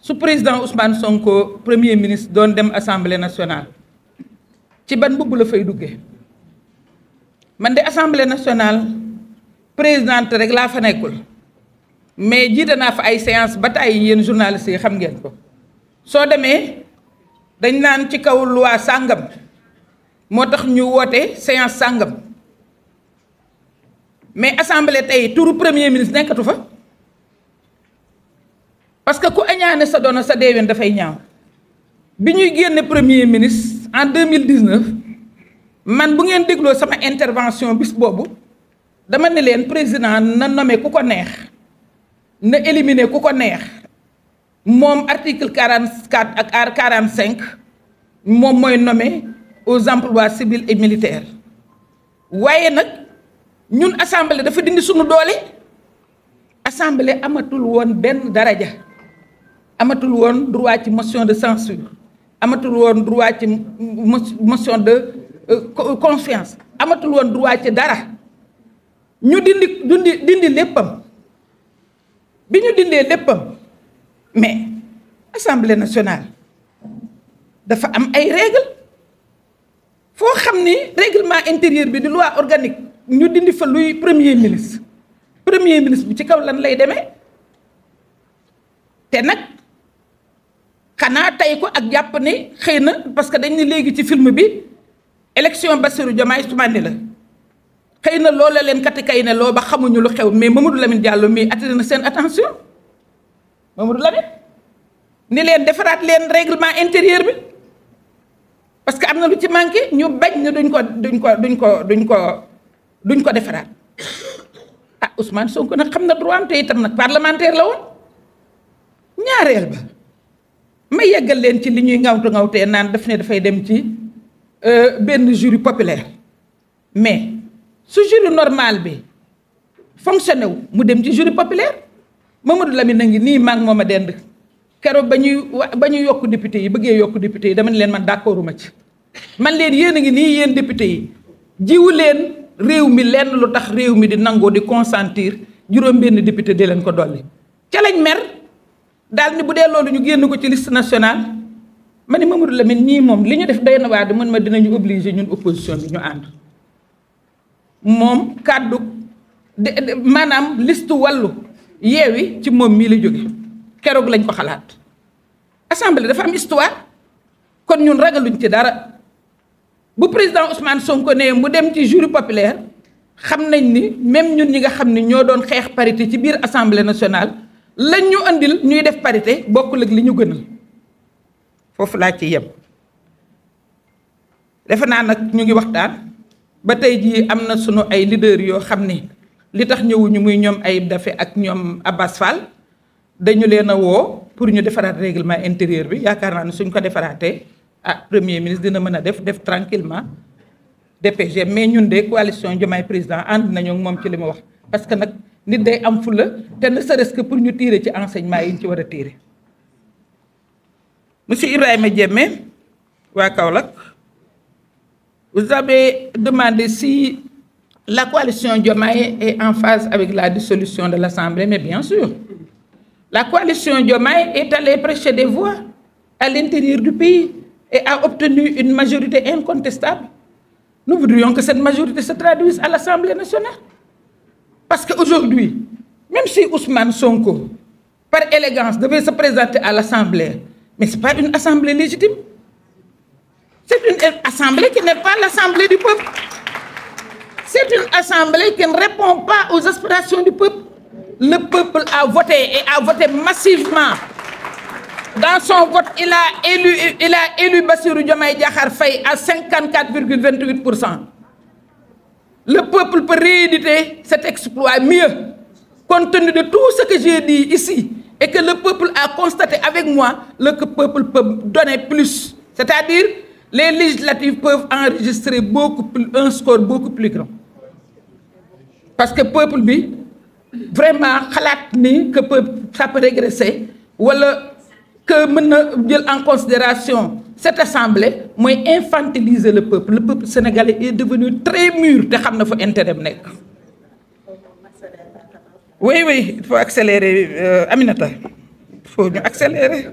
su président Ousmane Sonko premier ministre doon dem assemblée nationale ci ban mbubb la fay duggee man de assemblée nationale présidente rek laa fa nekkul mais jiite naa fa ay séance ba tey yéen journalistes yi xam ngeen ko soo demee dañ naan ci kaw loi sàngam moo tax ñu woote séance sàngam mais assemblée tey turu premier ministre nekkatu fa parce que ku añaane sa doona sa deeween dafay ñaaw bi ñuy génne premier ministre en 2019 man bu ngeen dégloo sama intervention bis boobu dama ne leen président na nommé ku ko neex na éliminé ku ko neex moom article 44 ak ar 45 moom mooy nommé aux emplois civils et militaires waaye nag ñun assemblée dafa dindi suñu doole assemble amatul woon benn daraja amatul woon droit ci motion de censure amatul woon droit ci motion de euh, confiance amatul woon droit ci dara ñu dindi dundi dindi léppam bi ñu dindee léppam mais assemblée nationale dafa am ay règles foo xam ni règlement intérieur bi di loi organique ñu dindi fa luy premier ministre premier ministre bi ci kaw lan lay demee te nag xanaa tey ko ak jàpp ne xëy na parce que dañ ne léegi ci film bi élection Bassirou Diomaye Soumané la xëy na loola leen katikay ne loo ba xamuñu lu xew mais Mamadou Lamine Diallo mii attiré na seen attention Mamadou Lamine ni leen defaraat leen règlement intérieur bi parce que am na lu ci manqué ñu bañ ne duñ ko duñ ko duñ ko duñ ko duñ ko defaraat ah soo ko nag xam na droit am te itam nag parlementaire la woon ñaareel ba. ma yeggal leen ci li ñuy ngawtu ngawtee naan daf ne dafay dem ci euh, benn jury populaire mais su jury normal bi fonctionné wu mu dem ci jury populaire Mamadou Lamine a ngi nii maag moom a dend keroog ba ñuy ba ñu yokk député yi bëggee yokk député yi dama ne leen man d'accorduma ci man leen yéen a ngi nii yéen député yi jiwu leen réew mi lenn lu tax réew mi di nangoo di consentir juróom benn député di leen ko dolli ca mer daal ni bu dee loolu ñu génn ko ci liste nationale ma ne Mamadou Lamine ñii moom li ñu def doy waa de mën ma dinañu obligé ñun opposition bi ñu ànd moom kàddu maanaam liste wàllu yeewi ci moom mii la jóge keroog lañ ko xalaat assemble dafa am histoire kon ñun ragaluñ ci dara bu président Ousmane Sonko nee mu dem ci jury populaire xam nañ ni même ñun ñi nga xam ne ñoo doon xeex parité ci biir assemble nationale lañ ñu andil ñuy def parité bokkul ak li ñu gënal foofu laa ci yem defe naa nag ñu ngi waxtaan ba tey jii am na sunu ay leader yoo xam ne li tax ñëwuñu muy ñoom ay dafe ak ñoom Abbas Fall dañu leen a woo pour ñu defaraat règlement intérieur bi yaakaar naa ne suñ ko defaraatee a ah, premier ministre dina mën a def def tranquillement DPG mais ñun de coalition Diomaye président ànd nañu moom ci li mu wax parce que nag nit day am fulla te ne serait-ce que pour ñu tiire ci enseignement yi ñu ci war a tiire monsieur Ibrahima Diémé waa Kaolack vous avez demandé si la coalition Diomaye et en phase avec la dissolution de l'Assemblée mais bien sûr la coalition Diomaye et allée prêcher des voix à l'intérieur du pays et à obtenu une majorité incontestable nous voudrions que cette majorité se traduise à l'Assemblée nationale Parce que même si Ousmane Sonko, par élégance, devait se présenter à l'Assemblée, mais ce n'est pas une Assemblée légitime. C'est une Assemblée qui n'est pas l'Assemblée du peuple. C'est une Assemblée qui ne répond pas aux aspirations du peuple. Le peuple a voté et a voté massivement. Dans son vote, il a élu, il a élu Bassirou Diomaye Diakhar Faye à 54,28%. le peuple peut rééditer cet exploit mieux, compte tenu de tout ce que j'ai dit ici, et que le peuple a constaté avec moi, le peuple peut donner plus. C'est-à-dire, les législatives peuvent enregistrer beaucoup plus, un score beaucoup plus grand. Parce que le peuple, lui, vraiment, que ça peut régresser, ou alors que en considération cette assemblée mooy infantiliser le peuple le peuple sénégalais est devenu très mûr te xam na fa intérêt am nekk. oui oui il faut accélérer euh, Aminata il faut ñu accélérer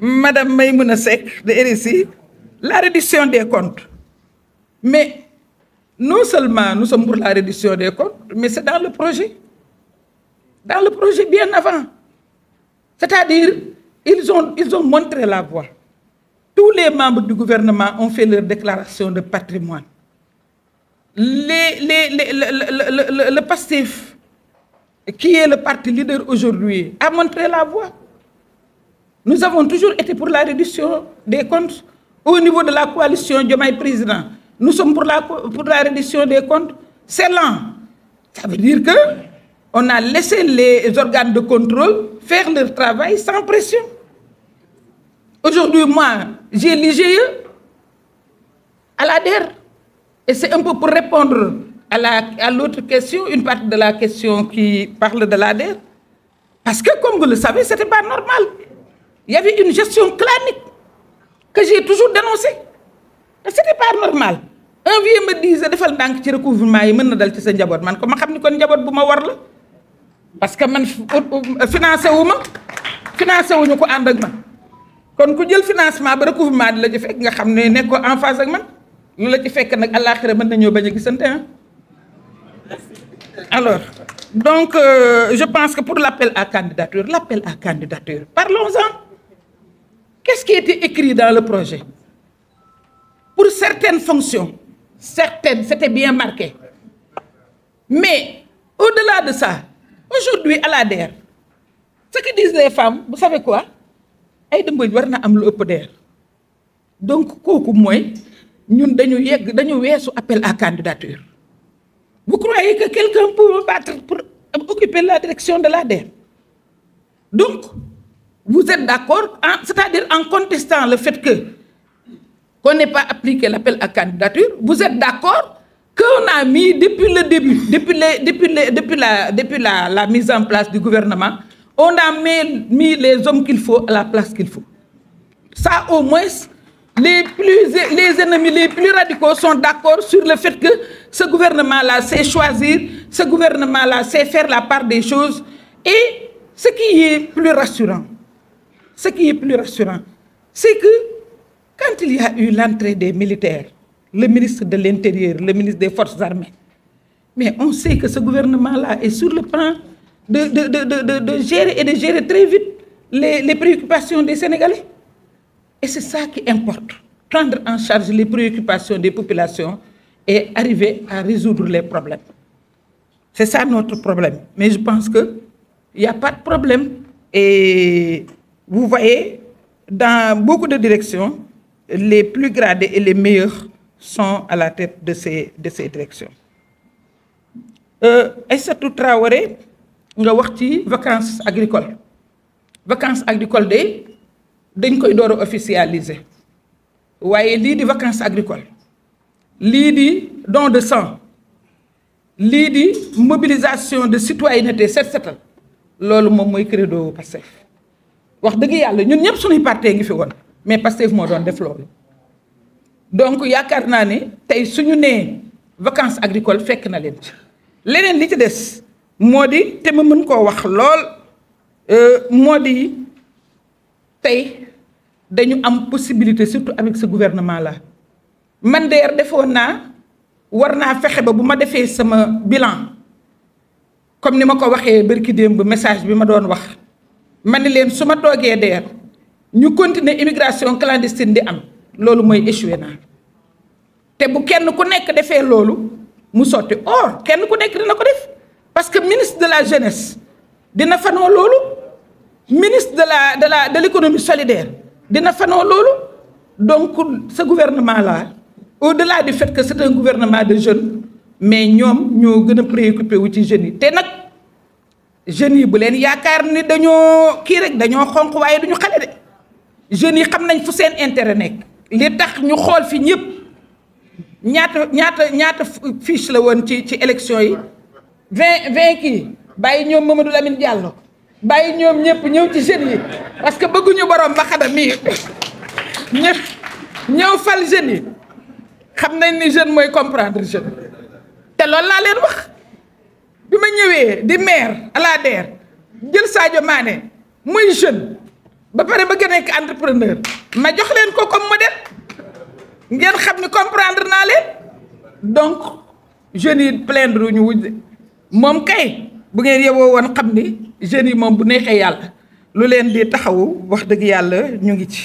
madame Maïmouna Seck de RSI la reddition des comptes mais non seulement nu sommes pour la reddition des comptes mais c'est dans le projet dans le projet bien avant c'est-à-dire. Ils ont, ils ont montré la voie. Tous les membres du gouvernement ont fait leur déclaration de patrimoine. Les, les, les, le, le, le, le passif, qui est le parti leader aujourd'hui, a montré la voie. Nous avons toujours été pour la réduction des comptes au niveau de la coalition Diomaye Président. Nous sommes pour la, pour la réduction des comptes. C'est lent. Ça veut dire que on a laissé les organes de contrôle faire leur travail sans pression. Aujourd'hui, moi, j'ai l'IGE à la DER. Et c'est un peu pour répondre à l'autre la, à question, une partie de la question qui parle de la DER. Parce que, comme vous le savez, ce n'était pas normal. Il y avait une gestion clanique que j'ai toujours dénoncée. Ce n'était pas normal. un vieux me disait defal ndànk ci recouvrement yi mën na dal ci sa njaboot man ko ma xam ni ko njaboot bu ma war la parce que man financé wu ma financé wuñu ko ànd ak man kon ku jël financement ba recouvrement di la ci fekk nga xam ne nekkoo en phase ak man lu la ci fekk nag àllaaxira mën nañoo bañ a gisante ah alors donc euh, je pense que pour l'appel à candidature l'appel à candidature parlons-en qu'est-ce qui était écrit dans le projet pour certaines fonctions certaines c'était bien marqué mais au là de ça aujourd'hui à l'ADER ce que disent les femmes vous savez quoi ay Mbodj war na am lu ëpp deer donc kooku mooy ñun dañu yegg dañu weesu appel à candidature vous croyez que quelqu'un peut me battre pour occuper la direction de l'ADER donc vous êtes d'accord en c'est-à-dire en contestant le fet que qu'on n'ait pas appliqué l'appel à candidature vous êtes d'accord qu'on a mis depuis le début depuis les depuis les depuis la depuis la la mise en place du gouvernement On a mis, mis les hommes qu'il faut à la place qu'il faut. Ça, au moins, les, plus, les ennemis les plus radicaux sont d'accord sur le fait que ce gouvernement-là sait choisir, ce gouvernement-là sait faire la part des choses. Et ce qui est plus rassurant, ce qui est plus rassurant, c'est que quand il y a eu l'entrée des militaires, le ministre de l'Intérieur, le ministre des Forces armées, mais on sait que ce gouvernement-là est sur le plan de, de, de, de, gérer et de gérer très vite les, les préoccupations des Sénégalais. Et c'est ça qui importe, prendre en charge les préoccupations des populations et arriver à résoudre les problèmes. C'est ça notre problème. Mais je pense qu'il y a pas de problème. Et vous voyez, dans beaucoup de directions, les plus gradés et les meilleurs sont à la tête de ces, de ces directions. Euh, Aïssatou nga wax ci vacances agricole vacance agricoles de dañ koy door a waaye lii di vacances agricoles lii di don de sang lii di mobilisation de citoyenneté set setal loolu moom mooy credo Pastef wax dëgg yàlla ñun ñëpp suñuy parti ngi fi woon mais Pastef moo doon def loolu donc yaakaar naa ne tey suñu nee vacance agricoles fekk na leen ci leneen li ci des moo di te ma mën koo wax lool euh, moo di tey dañu am possibilité surtout avec ce gouvernement là man deer defoon naa war naa fexe ba bu ma defee sama bilan comme ni ma ko waxee bërki démb message bi ma doon wax ma ne leen su ma toogee deer ñu continuer immigration clandestine di am loolu mooy échoué naa te bu kenn ku nekk defee loolu mu sotti or kenn ku nekk dina ko def parce que ministre de la jeunesse dina fanoo loolu ministre de la de la de l'économie solidaire dina fanoo loolu donc ce gouvernement la au-delà du fait que c'est un gouvernement de jeunes mais ñoom ñoo gën a préoccupé wu ci jeunes yi te nag jeunes yi bu leen yaakaar ni dañoo kii rek dañoo xonq waaye duñu xale de jeunes yi xam nañ fu seen intérêt nekk li tax ñu xool fii ñëpp ñaata ñaata ñaata fiche la woon ci ci élection yi vingt vingt kii bàyyi ñoom Mamadou Lamine Diallo bàyyi ñoom ñëpp ñëw ci jeunes yi parce que bëgguñu borom ba xadam mii ñëpp ñëw fal jeunes yi xam nañ ni jeune mooy comprendre jeune te loolu laa leen wax bi ma ñëwee di maire à DER jël Sadio Mané muy jeune ba pare bëgg a nekk entrepreneur ma jox leen ko comme modèle ngeen xam ni comprendre naa leen donc jeunes yi plaindre ñu wuñ moom kay bu ngeen yeboo woon xam ni jeunes yi moom bu neexee yàlla lu leen di taxawu wax dëgg yàlla ñu ngi ci.